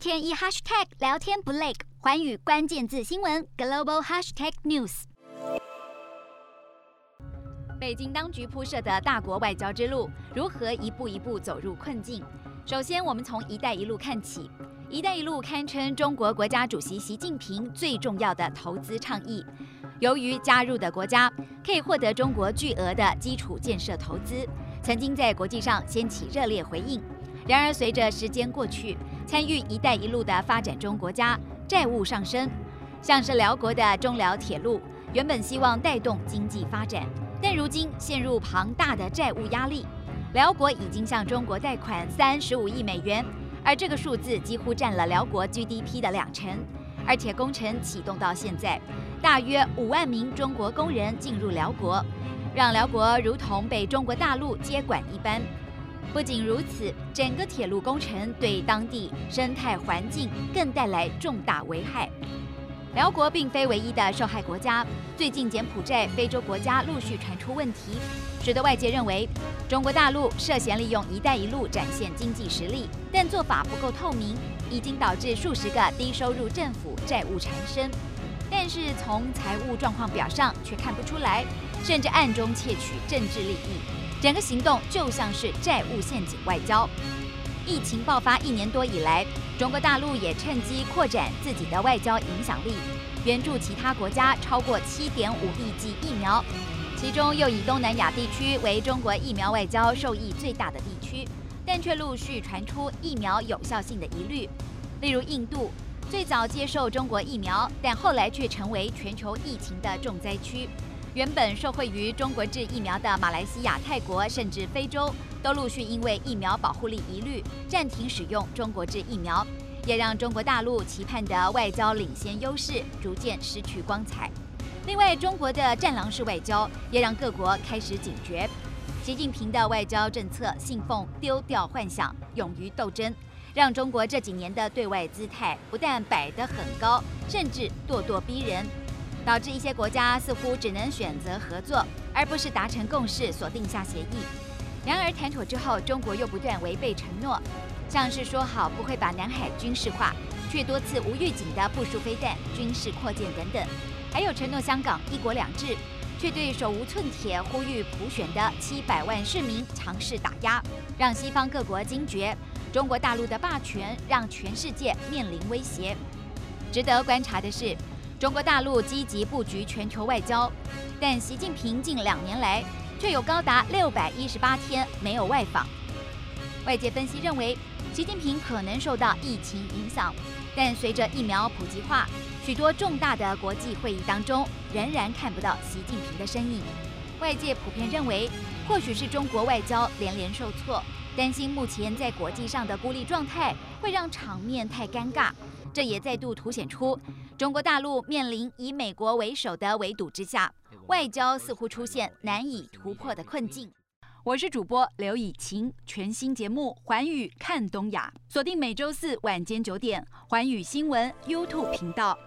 天一 hashtag 聊天不累，寰宇關鍵字新聞 global hashtag news。北京當局鋪設的大國外交之路，如何一步一步走入困境？首先，我們從“一帶一路”看起。“一帶一路”堪稱中國國家主席習近平最重要的投資倡議。由於加入的國家可以獲得中國巨額的基礎建設投資，曾經在國際上掀起熱烈回應。然而，隨着時間過去，參與“一帶一路”的發展中國家債務上升，像是寮國的中寮鐵路，原本希望帶動經濟發展，但如今陷入龐大的債務壓力。寮國已經向中國貸款三十五億美元，而這個數字幾乎占了寮國 GDP 的兩成。而且工程啟動到現在，大約五萬名中國工人進入寮國，讓寮國如同被中國大陸接管一般。不僅如此，整個鐵路工程對當地生態環境更帶來重大危害。寮國並非唯一的受害國家，最近柬埔寨、非洲國家陸續傳出問題，使得外界認為中國大陸涉嫌利用“一帶一路”展現經濟實力，但做法不夠透明，已經導致數十個低收入政府債務纏身。但是從財務狀況表上卻看不出來，甚至暗中竊取政治利益。整個行動就像是債務陷阱外交。疫情爆發一年多以來，中國大陸也趁機擴展自己的外交影響力，援助其他國家超過7.5億劑疫苗，其中又以東南亞地區為中國疫苗外交受益最大的地區，但卻陸續傳出疫苗有效性的疑慮，例如印度最早接受中國疫苗，但後來卻成為全球疫情的重災區。原本受惠於中國製疫苗的馬來西亞、泰國甚至非洲，都陸續因為疫苗保護力疑慮暫停使用中國製疫苗，也讓中國大陸期盼的外交領先優勢逐漸失去光彩。另外，中國的戰狼式外交也讓各國開始警覺。習近平的外交政策信奉丟掉幻想，勇於鬥爭，讓中國這幾年的對外姿態不但擺得很高，甚至咄咄逼人。導致一些國家似乎只能選擇合作，而不是達成共識、所定下協議。然而談妥之後，中國又不斷違背承諾，像是說好不會把南海軍事化，卻多次無預警的部署飛彈、軍事擴建等等；還有承諾香港一國兩制，卻對手無寸鐵、呼籲普選的七百萬市民嘗試打壓，讓西方各國驚覺中國大陸的霸權讓全世界面臨威脅。值得觀察的是。中國大陸積極佈局全球外交，但習近平近兩年來卻有高達六百一十八天沒有外訪。外界分析認為，習近平可能受到疫情影響，但隨着疫苗普及化，許多重大的國際會議當中仍然看不到習近平的身影。外界普遍認為，或許是中國外交連連受挫，擔心目前在國際上的孤立狀態會讓場面太尷尬。這也再度凸顯出，中國大陸面臨以美國為首的圍堵之下，外交似乎出現難以突破的困境。我是主播劉以晴，全新節目《寰宇看東亞》，鎖定每周四晚間九點，寰宇新聞 YouTube 頻道。